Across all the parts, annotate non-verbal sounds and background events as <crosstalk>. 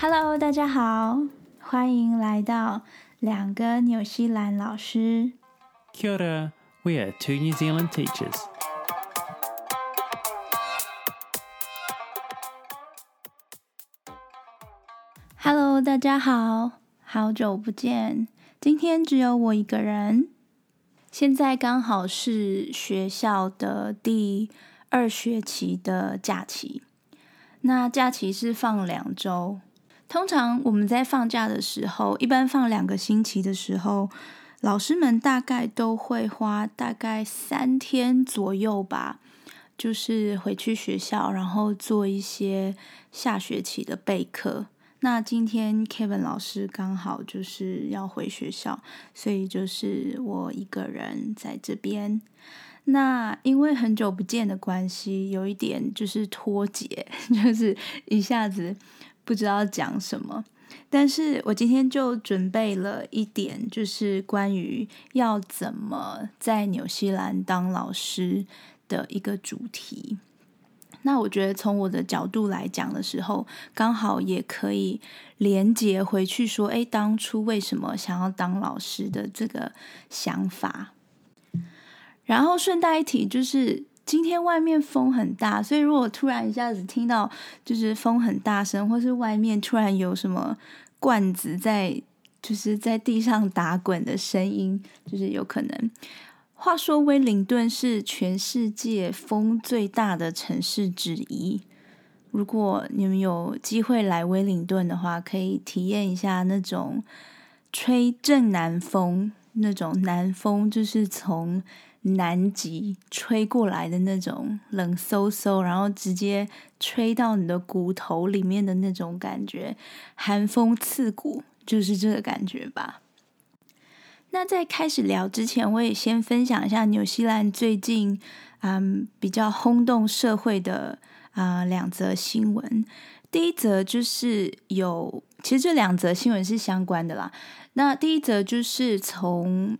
Hello，大家好，歡迎來到兩個紐西蘭老師。Kia ora，we are two New Zealand teachers。Hello，大家好，好久不見。今天只有我一個人。現在剛好是學校的第二學期的假期，那假期是放兩周。通常我們在放假的時候，一般放兩個星期的時候，老師們大概都會花大概三天左右吧，就是回去學校，然後做一些下學期的備課。那今天 Kevin 老師剛好就是要回學校，所以就是我一個人在這邊。那因為很久不見的關係，有一點就是脫節，就是一下子。不知道講什麼，但是我今天就準備了一點，就是關於要怎麼在紐西蘭當老師的一個主題。那我覺得從我的角度來講的時候，剛好也可以連接回去說，誒，當初為什麼想要當老師的這個想法。然後順帶一提，就是。今天外面風很大，所以如果突然一下子聽到就是風很大聲，或是外面突然有什麼罐子，在就是在地上打滾的聲音，就是有可能。話說威靈頓是全世界風最大的城市之一。如果你們有機會來威靈頓的話，可以體驗一下那種吹正南風，那種南風就是從。南極吹過來的那種冷颼颼，然後直接吹到你的骨頭裡面的那種感覺，寒風刺骨，就是這個感覺吧。那在開始聊之前，我也先分享一下紐西蘭最近嗯比較轟動社會的啊、嗯、兩則新聞。第一則就是有，其實這兩則新聞是相關的啦。那第一則就是從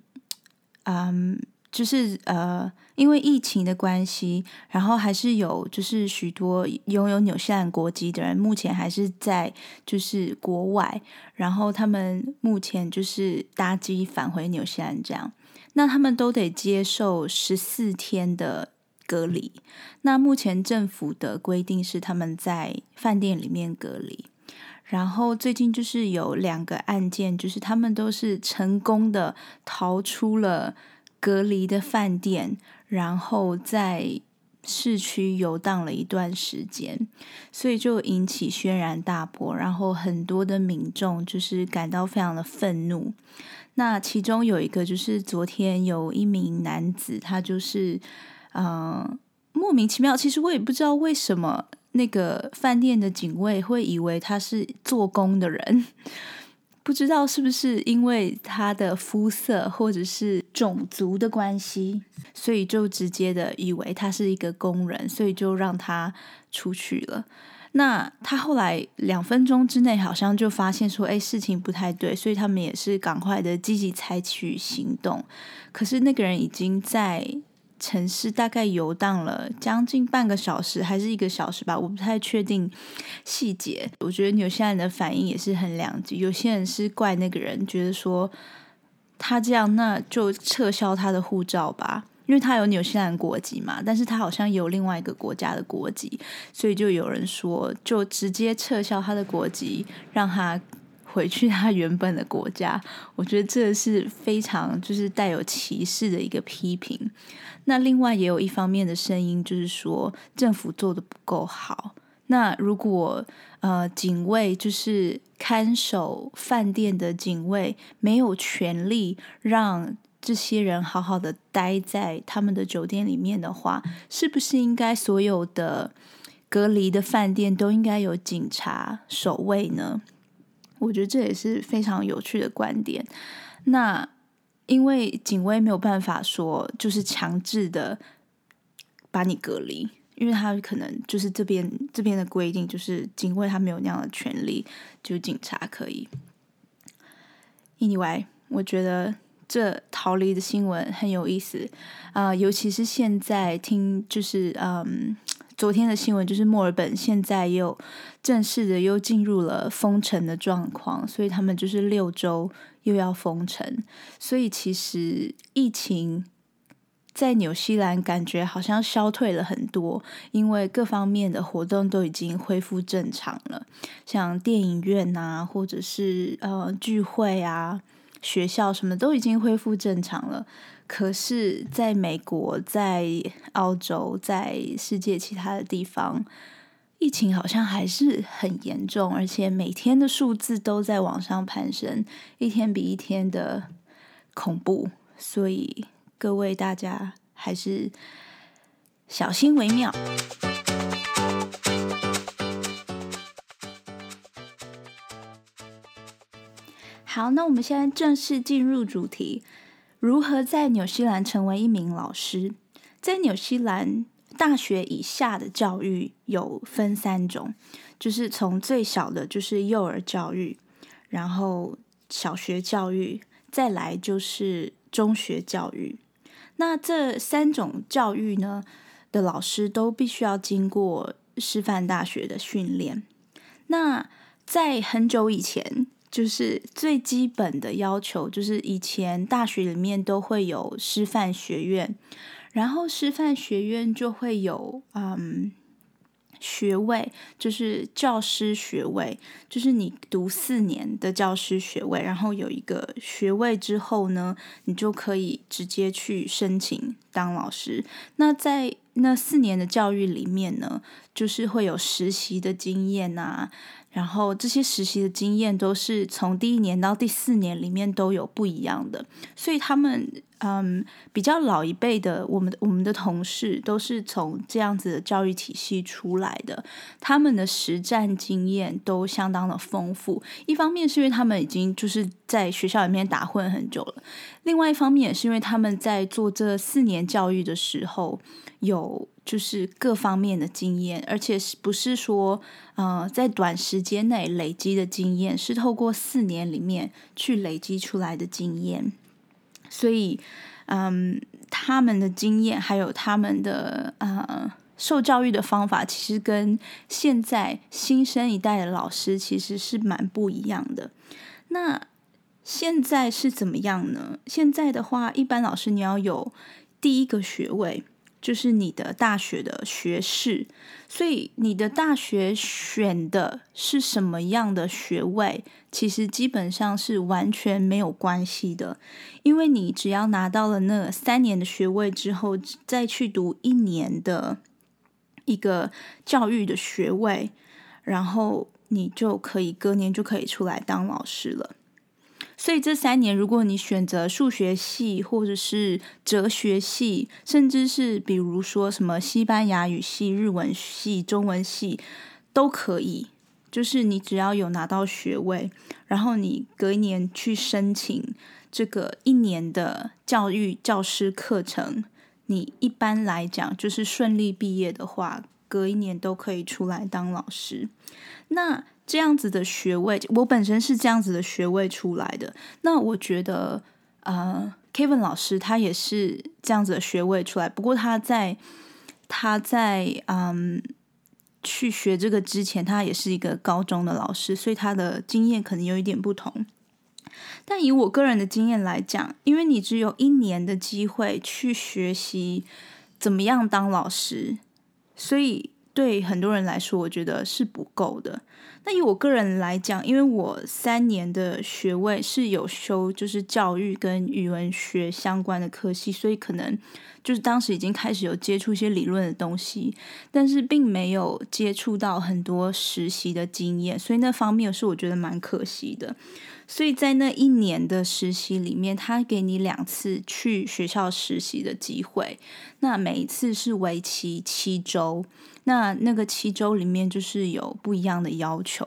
嗯。就是呃，因為疫情的關係，然後還是有就是許多擁有紐西蘭國籍的人，目前還是在就是國外，然後他們目前就是搭機返回紐西蘭這樣，那他們都得接受十四天的隔離。那目前政府的規定是他們在飯店裡面隔離。然後最近就是有兩個案件，就是他們都是成功的逃出了。隔離的飯店，然後在市區遊蕩了一段時間，所以就引起軒然大波，然後很多的民眾就是感到非常的憤怒。那其中有一個就是昨天有一名男子，他就是嗯、呃、莫名其妙，其實我也不知道為什麼那個飯店的警衛會以為他是做工的人。不知道是不是因為他的膚色或者是種族的關係，所以就直接的以為他是一個工人，所以就讓他出去了。那他後來兩分鐘之內好像就發現說，哎，事情不太對，所以他們也是趕快的積極採取行動。可是那個人已經在。城市大概遊蕩了將近半個小時，還是一個小時吧，我不太確定細節。我覺得紐西蘭人的反應也是很兩極，有些人是怪那個人，覺得說他這樣，那就撤銷他的護照吧，因為他有紐西蘭國籍嘛，但是他好像有另外一個國家的國籍，所以就有人說，就直接撤銷他的國籍，讓他。回去他原本的國家，我覺得這是非常就是帶有歧視的一個批評。那另外也有一方面的聲音，就是說政府做的不夠好。那如果呃警衛就是看守飯店的警衛沒有權利讓這些人好好的待在他們的酒店裡面的話，是不是應該所有的隔離的飯店都應該有警察守衛呢？我覺得這也是非常有趣的觀點。那因為警衛沒有辦法說就是強制的把你隔離，因為他可能就是這邊這邊的規定，就是警衛他沒有那樣的權利，就警察可以。另外，我覺得這逃離的新聞很有意思啊，呃，尤其是現在聽就是嗯。昨天的新聞就是墨爾本現在又正式的又進入了封城的狀況，所以他們就是六周又要封城。所以其實疫情在紐西蘭感覺好像消退了很多，因為各方面的活動都已經恢復正常了，像電影院啊，或者是呃聚會啊，學校什麼都已經恢復正常了。可是，在美國、在澳洲、在世界其他的地方，疫情好像還是很嚴重，而且每天的數字都在往上攀升，一天比一天的恐怖，所以各位大家還是小心為妙。好，那我們現在正式進入主題。如何在紐西蘭成為一名老師？在紐西蘭，大學以下的教育有分三種，就是從最小的就是幼兒教育，然後小學教育，再來就是中學教育。那這三種教育呢，的老師都必須要經過師範大學的訓練。那在很久以前。就是最基本的要求，就是以前大學裡面都會有師範學院，然後師範學院就會有嗯學位，就是教師學位，就是你讀四年的教師學位，然後有一個學位之後呢，你就可以直接去申請當老師。那在那四年的教育裡面呢，就是會有實習的經驗啊。然後這些實習的經驗都是從第一年到第四年裡面都有不一樣的，所以他們。嗯、um，比較老一輩的，我們我們的同事都是從這樣子的教育體系出來的，他們的實戰經驗都相當的豐富。一方面是因為他們已經就是在學校裡面打混很久了，另外一方面也是因為他們在做這四年教育的時候，有就是各方面的經驗，而且是不是說，呃，在短時間內累積的經驗，是透過四年裡面去累積出來的經驗。所以，嗯，他們的經驗還有他們的呃、嗯、受教育的方法，其實跟現在新生一代的老師其實是蠻不一樣的。那現在是怎麼樣呢？現在的話，一般老師你要有第一個學位。就是你的大學的學士，所以你的大學選的是什麼樣的學位，其實基本上是完全沒有關係的，因為你只要拿到了那三年的學位之後，再去讀一年的一個教育的學位，然後你就可以隔年就可以出來當老師了。所以這三年，如果你選擇數學系，或者是哲學系，甚至是比如說什麼西班牙語系、日文系、中文系都可以。就是你只要有拿到學位，然後你隔一年去申請這個一年的教育教師課程，你一般來講就是順利畢業的話。隔一年都可以出來當老師，那這樣子的學位，我本身是這樣子的學位出來的。那我覺得，呃，Kevin 老師他也是這樣子的學位出來，不過他在他在嗯去學這個之前，他也是一個高中的老師，所以他的經驗可能有一點不同。但以我個人的經驗來講，因為你只有一年的機會去學習怎麼樣當老師。所以，對很多人來說，我覺得是不夠的。那以我個人來講，因為我三年的學位是有修，就是教育跟語文學相關的科系，所以可能就是當時已經開始有接觸一些理論的東西，但是並沒有接觸到很多實習的經驗，所以那方面是我覺得蠻可惜的。所以在那一年的實習裡面，他給你兩次去學校實習的機會，那每一次是為期七周，那那個七周裡面就是有不一樣的要求。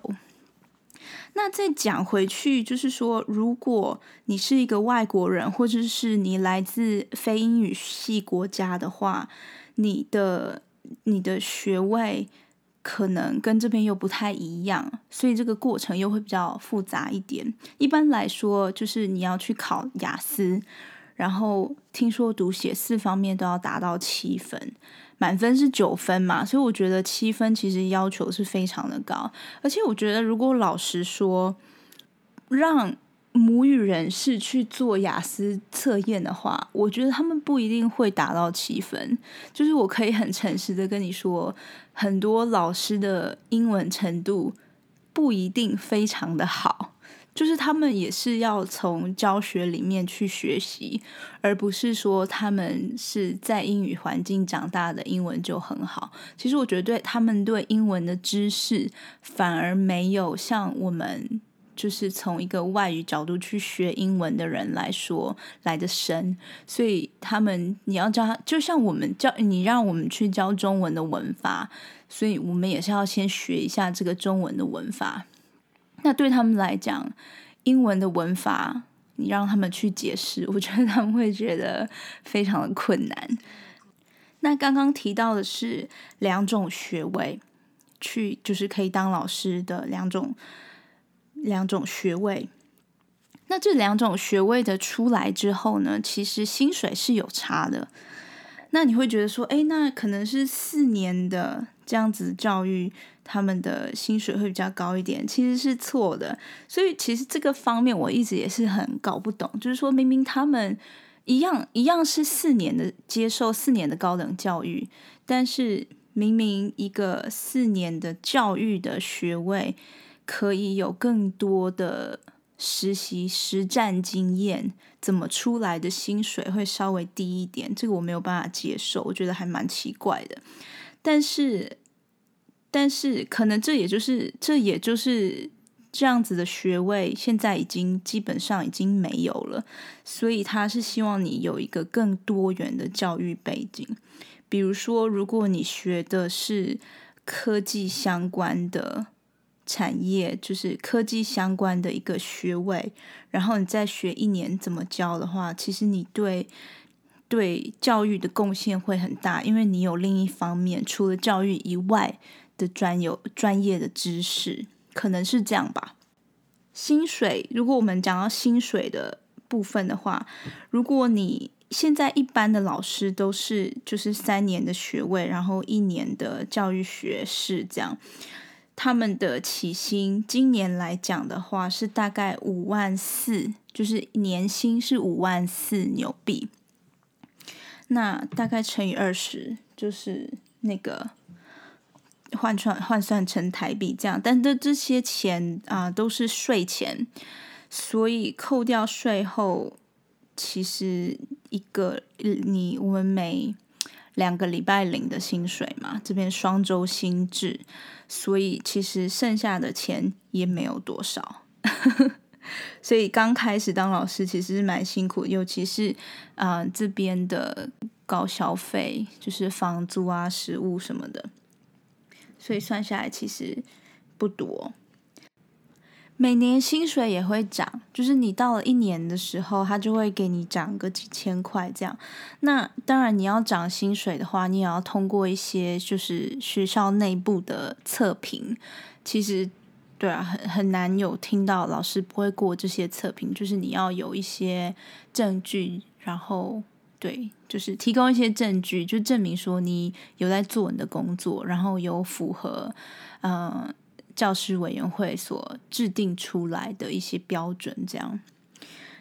那再講回去，就是說，如果你是一個外國人，或者是你來自非英語系國家的話，你的你的學位。可能跟這邊又不太一樣，所以這個過程又會比較複雜一點。一般來說，就是你要去考雅思，然後聽說讀寫四方面都要達到七分，滿分是九分嘛，所以我覺得七分其實要求是非常的高。而且我覺得，如果老實說，讓。母語人士去做雅思測驗的話，我覺得他們不一定會達到七分。就是我可以很誠實的跟你說，很多老師的英文程度不一定非常的好。就是他們也是要從教學裡面去學習，而不是說他們是在英語環境長大的英文就很好。其實我覺得，對他們對英文的知識，反而沒有像我們。就是從一個外語角度去學英文的人來說，來得深，所以他們你要教他，就像我們教你讓我們去教中文的文法，所以我們也是要先學一下這個中文的文法。那對他們來講，英文的文法你讓他們去解釋，我覺得他們會覺得非常的困難。那剛剛提到的是兩種學位，去就是可以當老師的兩種。兩種學位，那這兩種學位的出來之後呢，其實薪水是有差的。那你會覺得說，誒，那可能是四年的這樣子教育，他們的薪水會比較高一點，其實是錯的。所以其實這個方面我一直也是很搞不懂，就是說明明他們一樣一樣是四年的接受四年的高等教育，但是明明一個四年的教育的學位，可以有更多的實習實戰經驗，怎麼出來的薪水會稍微低一點，這個我沒有辦法接受，我覺得還蠻奇怪的。但是，但是可能這也就是這也就是這樣子的學位，現在已經基本上已經沒有了。所以他是希望你有一個更多元的教育背景，比如說如果你學的是科技相關的。產業就是科技相關的一個學位，然後你再學一年怎麼教的話，其實你對對教育的貢獻會很大，因為你有另一方面除了教育以外的專有專業的知識，可能是這樣吧。薪水，如果我們講到薪水的部分的話，如果你現在一般的老師都是就是三年的學位，然後一年的教育學士這樣。他們的起薪，今年來講的話是大概五萬四，就是年薪是五萬四紐幣，那大概乘以二十，就是那個換算換算成台幣這樣。但這這些錢啊，呃，都是稅前，所以扣掉稅後，其實一個你我們每兩個禮拜領的薪水嘛，這邊雙周薪制。所以其實剩下的錢也沒有多少， <laughs> 所以剛開始當老師其實蠻辛苦，尤其是啊、呃、這邊的高消費，就是房租啊、食物什麼的，所以算下來其實不多。每年薪水也會漲，就是你到了一年的時候，他就會給你漲個幾千塊這樣。那當然你要漲薪水的話，你也要通過一些就是學校內部的測評。其實，對啊，很很難有聽到老師不會過這些測評，就是你要有一些證據，然後對，就是提供一些證據，就證明說你有在做你的工作，然後有符合，嗯、呃。教師委員會所制定出來的一些標準，這樣。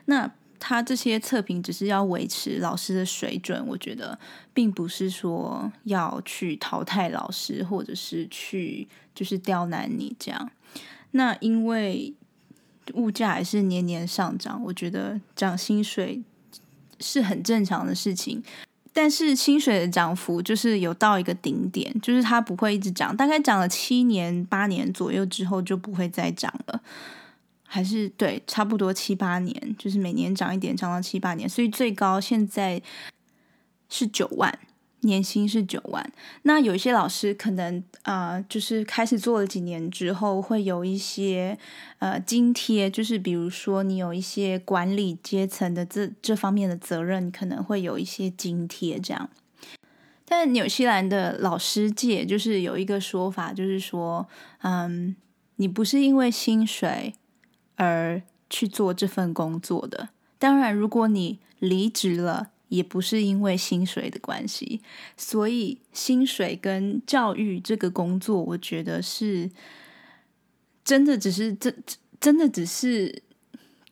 那他這些測評只是要維持老師的水準，我覺得並不是說要去淘汰老師，或者是去就是刁難你這樣。那因為物價還是年年上漲，我覺得漲薪水是很正常的事情。但是薪水的漲幅就是有到一個頂點，就是它不會一直漲，大概漲了七年八年左右之後就不會再漲了，還是對，差不多七八年，就是每年漲一點，漲到七八年，所以最高現在是九萬。年薪是九萬，那有一些老師可能啊、呃，就是開始做了幾年之後，會有一些呃津貼，就是比如說你有一些管理階層的這這方面的責任，可能會有一些津貼這樣。但紐西蘭的老師界就是有一個說法，就是說，嗯，你不是因為薪水而去做這份工作的。當然，如果你離職了。也不是因為薪水的關係，所以薪水跟教育這個工作，我覺得是真的只是，真真的只是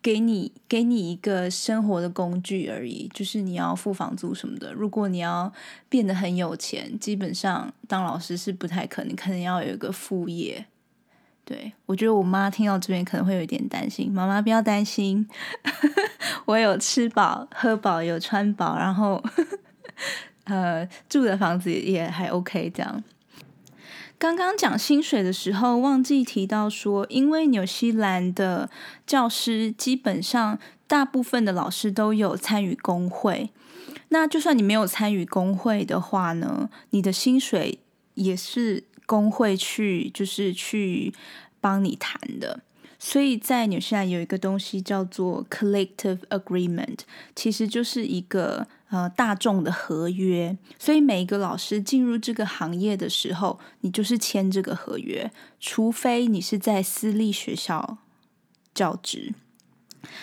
給你給你一個生活的工具而已，就是你要付房租什麼的。如果你要變得很有錢，基本上當老師是不太可能，可能要有一個副業。對，我覺得我媽聽到這邊可能會有一點擔心。媽媽不要擔心， <laughs> 我有吃飽、喝飽、有穿飽，然後 <laughs> 呃住的房子也還 OK 這樣。剛剛講薪水的時候忘記提到說，因為紐西蘭的教師基本上大部分的老師都有參與工會，那就算你沒有參與工會的話呢，你的薪水也是。工會去就是去幫你談的，所以在紐西蘭有一個東西叫做 collective agreement，其實就是一個呃大眾的合約。所以每一個老師進入這個行業的時候，你就是簽這個合約，除非你是在私立學校教職。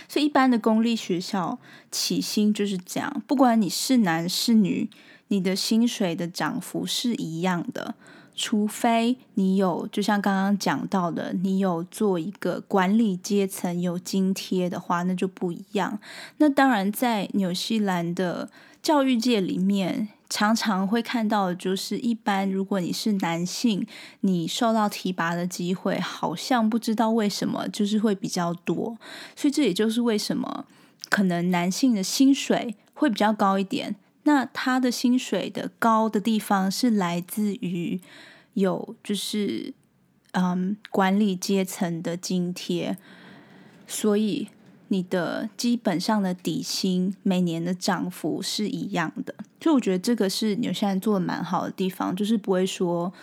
所以一般的公立學校起薪就是這樣，不管你是男是女，你的薪水的漲幅是一樣的。除非你有，就像剛剛講到的，你有做一個管理階層有津貼的話，那就不一樣。那當然，在紐西蘭的教育界裡面，常常會看到，就是一般如果你是男性，你受到提拔的機會好像不知道為什麼就是會比較多，所以這也就是為什麼可能男性的薪水會比較高一點。那他的薪水的高的地方是來自於有就是嗯，管理階層的津貼，所以你的基本上的底薪每年的漲幅是一樣的。就我覺得這個是紐西蘭做的蠻好的地方，就是不會說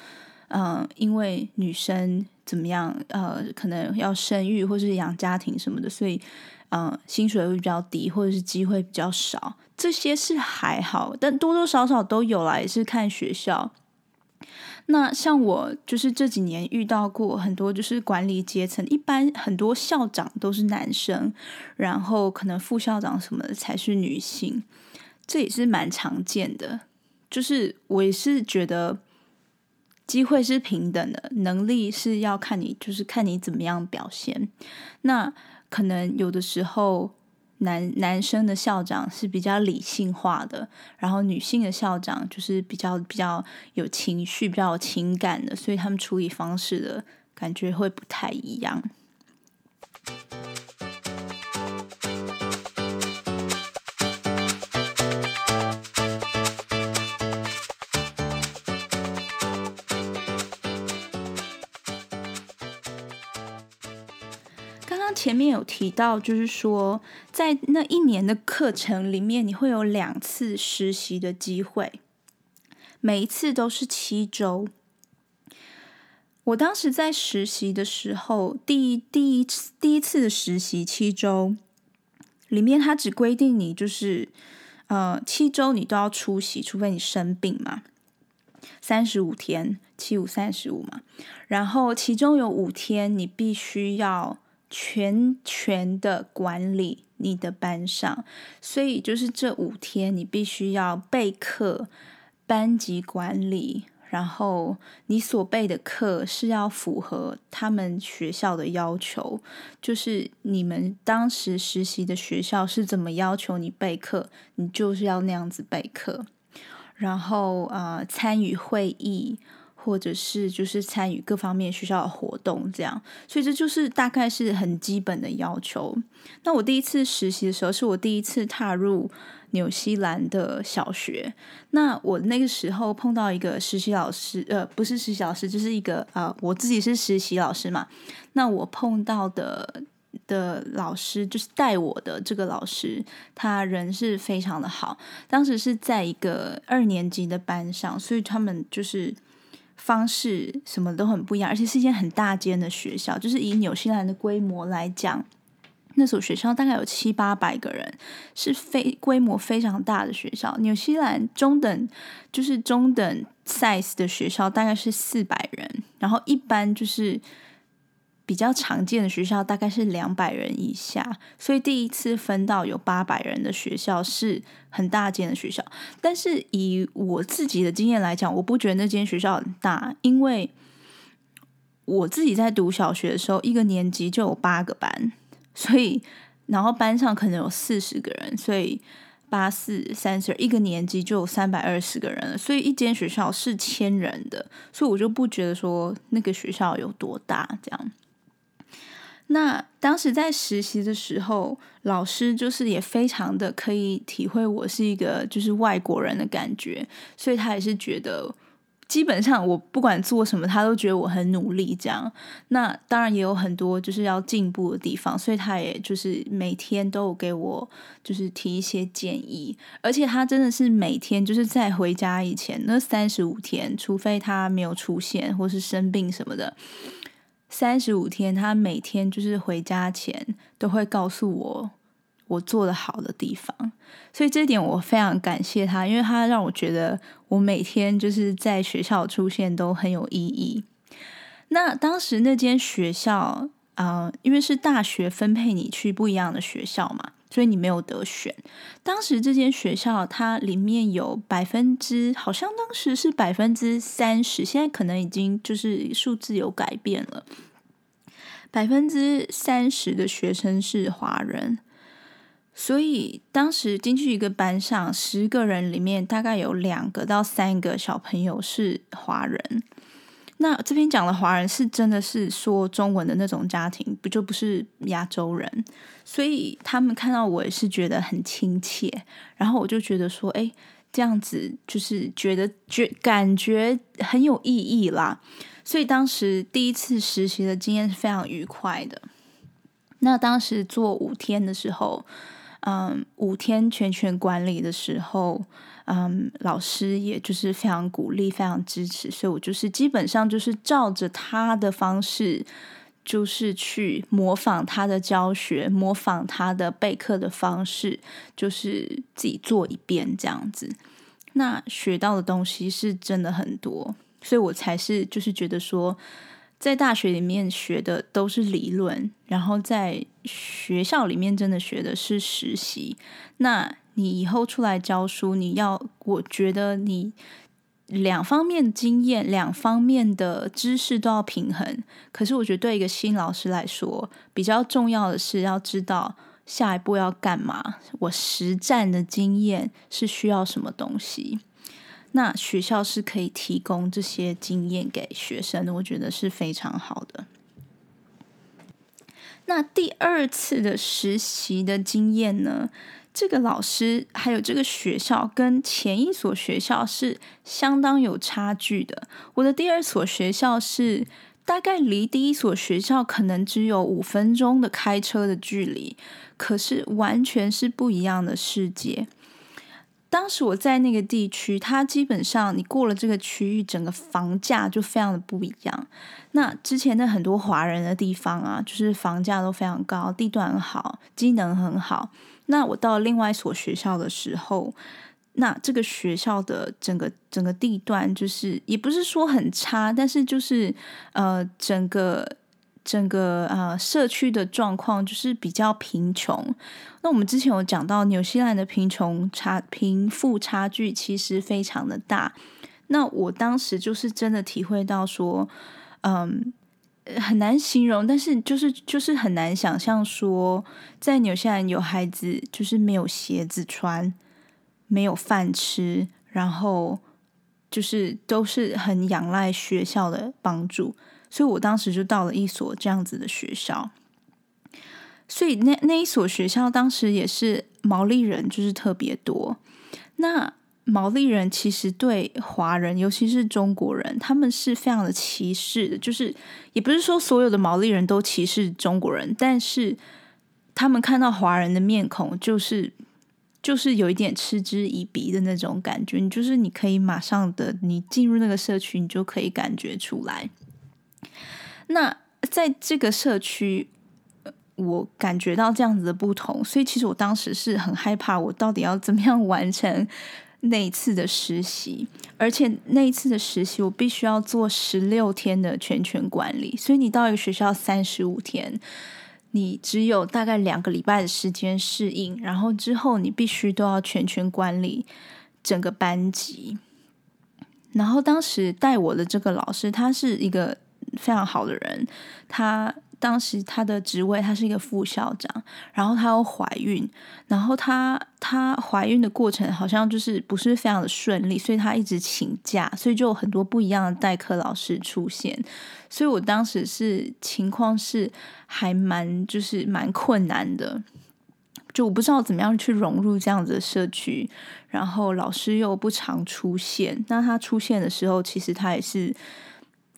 嗯，因為女生怎麼樣呃、嗯、可能要生育或是養家庭什麼的，所以。嗯，薪水會比較低，或者是機會比較少，這些是還好，但多多少少都有啦，也是看學校。那像我就是這幾年遇到過很多，就是管理階層，一般很多校長都是男生，然後可能副校長什麼的才是女性，這也是蠻常見的。就是我也是覺得，機會是平等的，能力是要看你，就是看你怎麼樣表現。那。可能有的時候男，男男生的校長是比較理性化的，然後女性的校長就是比較比較有情緒、比較有情感的，所以他們處理方式的感覺會不太一樣。前面有提到，就是說，在那一年的課程裡面，你會有兩次實習的機會，每一次都是七週。我當時在實習的時候，第一第一，第一次第一次實習七週，裡面他只規定你就是呃七週你都要出席，除非你生病嘛。三十五天，七五三十五嘛，然後其中有五天你必須要。全權的管理你的班上，所以就是這五天你必須要備課、班級管理，然後你所備的課是要符合他們學校的要求，就是你們當時實習的學校是怎麼要求你備課，你就是要那樣子備課，然後啊、呃，參與會議。或者是就是參與各方面學校的活動，這樣。所以這就是大概是很基本的要求。那我第一次實習的時候，是我第一次踏入紐西蘭的小學。那我那個時候碰到一個實習老師，呃，不是實習老師，就是一個，呃，我自己是實習老師嘛。那我碰到的，的老師，就是帶我的這個老師，他人是非常的好。當時是在一個二年級的班上，所以他們就是。方式什麼都很不一樣，而且是一間很大間的學校，就是以紐西蘭的規模來講，那所學校大概有七八百個人，是非規模非常大的學校。紐西蘭中等就是中等 size 的學校，大概是四百人，然後一般就是。比較常見的學校大概是兩百人以下，所以第一次分到有八百人的學校是很大間的學校。但是以我自己的經驗來講，我不覺得那間學校很大，因為我自己在讀小學的時候，一個年級就有八個班，所以然後班上可能有四十個人，所以八四三十一個年級就有三百二十個人，所以一間學校是千人的，所以我就不覺得說那個學校有多大這樣。那當時在實習的時候，老師就是也非常的可以體會我是一個就是外國人的感覺，所以他也是覺得基本上我不管做什麼，他都覺得我很努力。這樣，那當然也有很多就是要進步的地方，所以他也就是每天都有給我就是提一些建議，而且他真的是每天就是在回家以前那三十五天，除非他沒有出現或是生病什麼的。三十五天，他每天就是回家前都會告訴我，我做的好的地方，所以這一點我非常感謝他，因為他讓我覺得我每天就是在學校出現都很有意義。那當時那間學校啊，呃，因為是大學分配你去不一樣的學校嘛。所以你沒有得選。當時這間學校，它裡面有百分之、好像當時是百分之三十，現在可能已經就是數字有改變了。百分之三十的學生是華人，所以當時進去一個班上，十個人裡面大概有兩個到三個小朋友是華人。那這邊講的華人是真的是說中文的那種家庭，不，就不是亞洲人，所以他們看到我也是覺得很親切，然後我就覺得說，哎，這樣子就是覺得覺感覺很有意義啦，所以當時第一次實習的經驗是非常愉快的。那當時做五天的時候，嗯，五天全權管理的時候。嗯，老師也就是非常鼓勵，非常支持，所以我就是基本上就是照着他的方式，就是去模仿他的教學，模仿他的備課的方式，就是自己做一遍這樣子。那學到的東西是真的很多，所以我才是就是覺得說。在大學裡面學的都是理論，然後在學校裡面真的學的是實習。那你以後出來教書，你要我覺得你兩方面經驗、兩方面的知識都要平衡。可是我覺得對一個新老師來說，比較重要的是要知道下一步要幹嘛。我實戰的經驗是需要什麼東西。那學校是可以提供這些經驗給學生的，我覺得是非常好的。那第二次的實習的經驗呢？這個老師還有這個學校跟前一所學校是相當有差距的。我的第二所學校是大概離第一所學校可能只有五分鐘的開車的距離，可是完全是不一樣的世界。當時我在那個地區，它基本上你過了這個區域，整個房價就非常的不一樣。那之前的很多華人的地方啊，就是房價都非常高，地段好，機能很好。那我到了另外一所學校的時候，那這個學校的整個整個地段就是也不是說很差，但是就是呃，整個整個呃社區的狀況就是比較貧窮。那我們之前有講到，紐西蘭的貧窮差、貧富差距其實非常的大。那我當時就是真的體會到說，嗯，很難形容，但是就是就是很難想象說，在紐西蘭有孩子就是沒有鞋子穿，沒有飯吃，然後就是都是很仰賴學校的幫助。所以我當時就到了一所這樣子的學校。所以那那一所學校當時也是毛利人，就是特別多。那毛利人其實對華人，尤其是中國人，他們是非常的歧視的。就是也不是說所有的毛利人都歧視中國人，但是他們看到華人的面孔，就是就是有一點嗤之以鼻的那種感覺。你就是你可以馬上的你進入那個社區，你就可以感覺出來。那在這個社區。我感覺到這樣子的不同，所以其實我當時是很害怕，我到底要怎麼樣完成那一次的實習？而且那一次的實習，我必須要做十六天的全權管理。所以你到一個學校三十五天，你只有大概兩個禮拜的時間適應，然後之後你必須都要全權管理整個班級。然後當時帶我的這個老師，他是一個非常好的人，他。當時他的職位，他是一個副校長，然後他又懷孕，然後他他懷孕的過程好像就是不是非常的順利，所以他一直請假，所以就有很多不一樣的代課老師出現，所以我當時是情況是還蠻就是蠻困難的，就我不知道怎麼樣去融入這樣子的社區，然後老師又不常出現，那他出現的時候，其實他也是。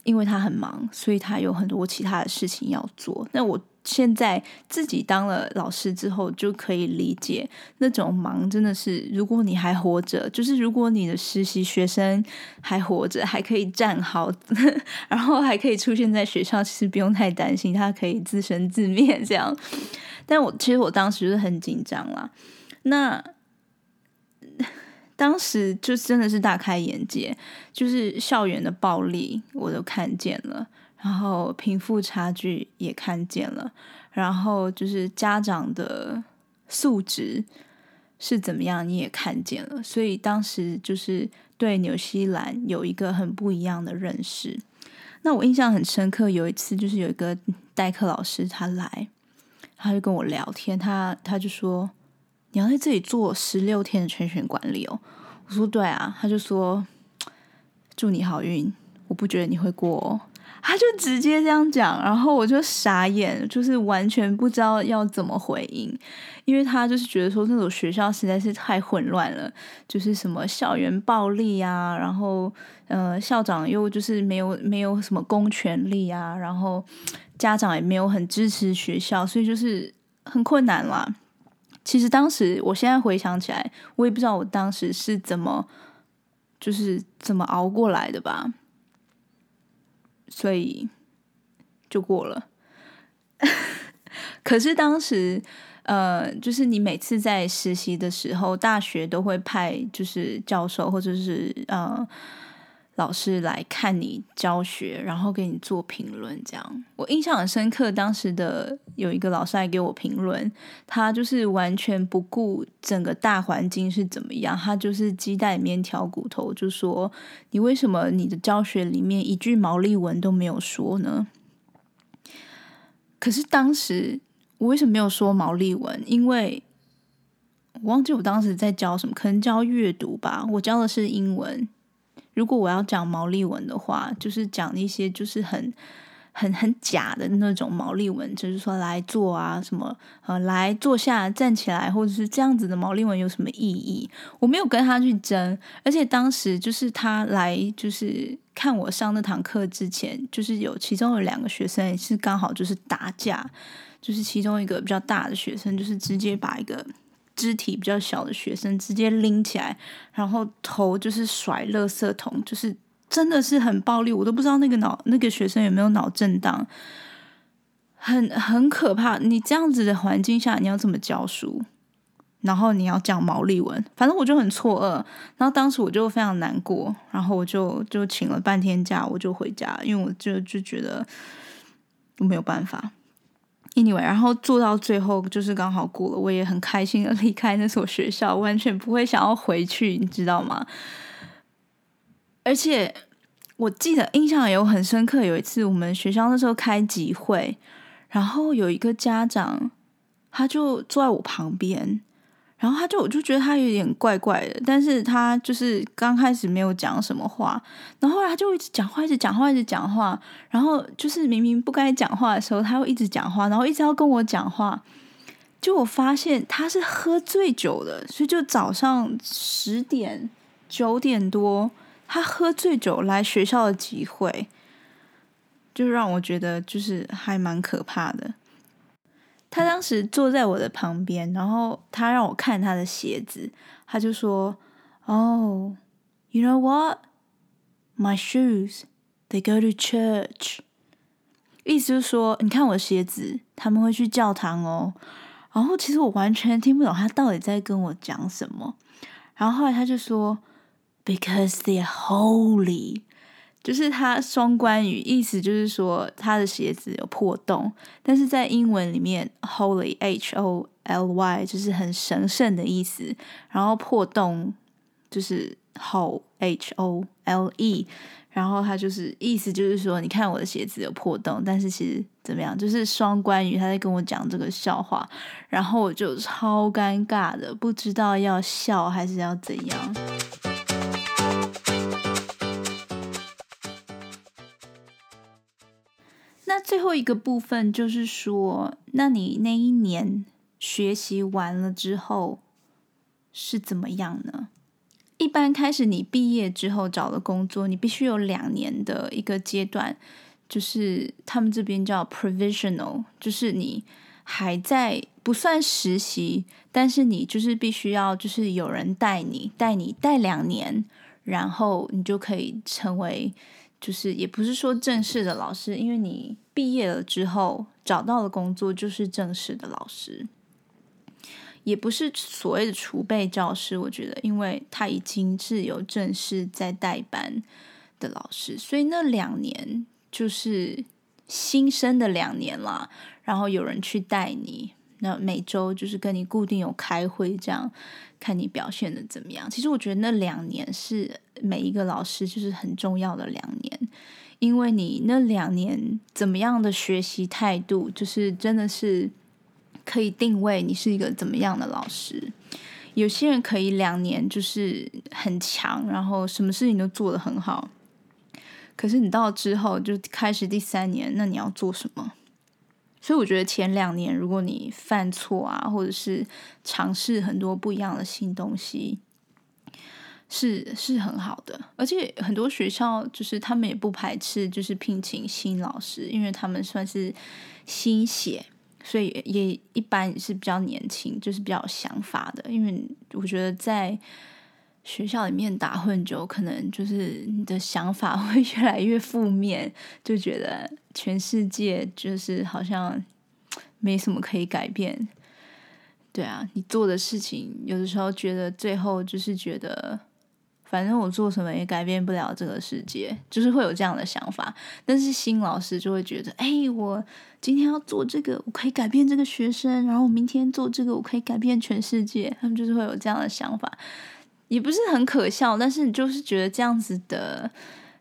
因為他很忙，所以他有很多其他的事情要做。那我現在自己當了老師之後，就可以理解那種忙真的是，如果你還活着，就是如果你的實習學生還活着，還可以站好， <laughs> 然後還可以出現在學校，其實不用太擔心，他可以自生自滅這樣。但我其實我當時就是很緊張啦。那當時就真的是大開眼界，就是校園的暴力我都看見了，然後貧富差距也看見了，然後就是家長的素質是怎麼樣你也看見了，所以當時就是對紐西蘭有一個很不一樣的認識。那我印象很深刻，有一次就是有一個代課老師他來，他就跟我聊天，他他就說。你要在這裡做十六天的全權管理哦，我說對啊，他就說祝你好運，我不覺得你會過哦，他就直接這樣講，然後我就傻眼，就是完全不知道要怎麼回應，因為他就是覺得說那所學校實在是太混亂了，就是什麼校園暴力啊，然後呃校長又就是沒有沒有什麼公權力啊，然後家長也沒有很支持學校，所以就是很困難了。其實當時，我現在回想起來，我也不知道我當時是怎麼，就是怎麼熬過來的吧，所以就過了。 <laughs> 可是當時，呃，就是你每次在實習的時候，大學都會派就是教授或者是就是呃。老師來看你教學，然後給你做評論。這樣，我印象很深刻。當時的有一個老師來給我評論，他就是完全不顧整個大環境是怎麼樣，他就是雞蛋裡面挑骨頭，就說你為什麼你的教學裡面一句毛利文都沒有說呢？可是當時我為什麼沒有說毛利文？因為我忘記我當時在教什麼，可能教閱讀吧。我教的是英文。如果我要講毛利文的話，就是講一些就是很、很、很假的那種毛利文，就是說，來坐啊，什麼，呃，來坐下、站起來，或者是這樣子的毛利文有什麼意義？我沒有跟他去爭，而且當時就是他來就是看我上那堂課之前，就是有其中有兩個學生也是剛好就是打架，就是其中一個比較大的學生就是直接把一個。肢體比較小的學生直接拎起來，然後頭就是甩垃圾桶，就是真的是很暴力，我都不知道那個腦那個學生有沒有腦震盪，很很可怕。你這樣子的環境下，你要怎麼教書？然後你要講毛利文，反正我就很錯愕，然後當時我就非常難過，然後我就就請了半天假，我就回家，因為我就就覺得我沒有辦法。Anyway，然後做到最後就是剛好過了，我也很開心的離開那所學校，完全不會想要回去，你知道嗎？而且我記得印象有很深刻，有一次我們學校那時候開集會，然後有一個家長他就坐在我旁邊。然後他就，我就覺得他有點怪怪的，但是他就是剛開始沒有講什麼話，然後他就一直講話，一直講話，一直講話，然後就是明明不該講話的時候，他又一直講話，然後一直要跟我講話，就我發現他是喝醉酒的，所以就早上十點九點多，他喝醉酒來學校的集會，就讓我覺得就是還蠻可怕的。他當時坐在我的旁邊，然後他讓我看他的鞋子，他就說哦、oh, you know what? My shoes, they go to church.” 意思就是說，你看我的鞋子，他們會去教堂哦。然後其實我完全聽不懂他到底在跟我講什麼。然後後來他就說：“Because they're holy.” 就是他雙關語，意思就是說他的鞋子有破洞，但是在英文裡面，holy h o l y 就是很神聖的意思，然後破洞就是 h o l h o l e，然後他就是意思就是說，你看我的鞋子有破洞，但是其實怎麼樣，就是雙關語，他在跟我講這個笑話，然後我就超尷尬的，不知道要笑還是要怎樣。那最後一個部分就是說，那你那一年學習完了之後是怎麼樣呢？一般開始你畢業之後找了工作，你必須有兩年的一個階段，就是他們這邊叫 provisional，就是你還在不算實習，但是你就是必須要，就是有人帶你，帶你帶兩年，然後你就可以成為。就是也不是說正式的老師，因為你畢業了之後找到的工作就是正式的老師，也不是所謂的儲備教師。我覺得，因為他已經是有正式在帶班的老師，所以那兩年就是新生的兩年啦。然後有人去帶你，那每周就是跟你固定有開會這樣。看你表現的怎麼樣。其實我覺得那兩年是每一個老師，就是很重要的兩年，因為你那兩年怎麼樣的學習態度，就是真的是可以定位你是一個怎麼樣的老師。有些人可以兩年就是很強，然後什麼事情都做得很好，可是你到了之後就開始第三年，那你要做什麼？所以我覺得前兩年，如果你犯錯啊，或者是嘗試很多不一樣的新東西，是是很好的。而且很多學校就是他們也不排斥，就是聘請新老師，因為他們算是新血，所以也一般也是比較年輕，就是比較有想法的。因為我覺得在學校裡面打混久，可能就是你的想法會越來越負面，就覺得。全世界就是好像沒什麼可以改變，對啊，你做的事情有的時候覺得最後就是覺得，反正我做什麼也改變不了這個世界，就是會有這樣的想法。但是新老師就會覺得，哎，我今天要做這個，我可以改變這個學生，然後我明天做這個，我可以改變全世界。他們就是會有這樣的想法，也不是很可笑，但是你就是覺得這樣子的。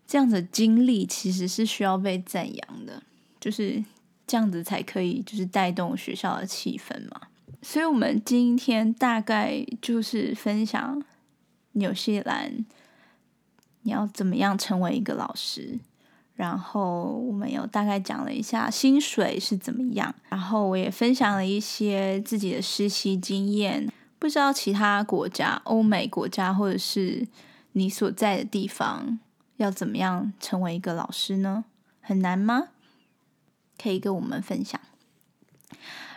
這樣子的經歷其實是需要被讚揚的，就是這樣子才可以，就是帶動學校的氣氛嘛。所以，我們今天大概就是分享紐西蘭，你要怎麼樣成為一個老師。然後，我們有大概講了一下薪水是怎麼樣。然後，我也分享了一些自己的實習經驗。不知道其他國家、歐美國家，或者是你所在的地方。要怎麼樣成為一個老師呢？很難嗎？可以跟我們分享。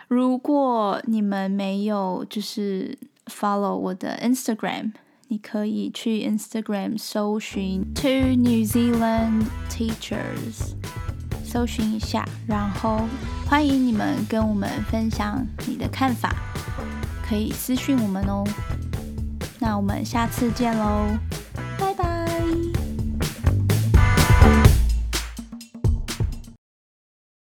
如果你們沒有就是 follow 我的 Instagram，你可以去 Instagram 搜尋 two New Zealand teachers，搜尋一下，然後歡迎你們跟我們分享你的看法，可以私訊我們哦。那我們下次見嘍，拜拜。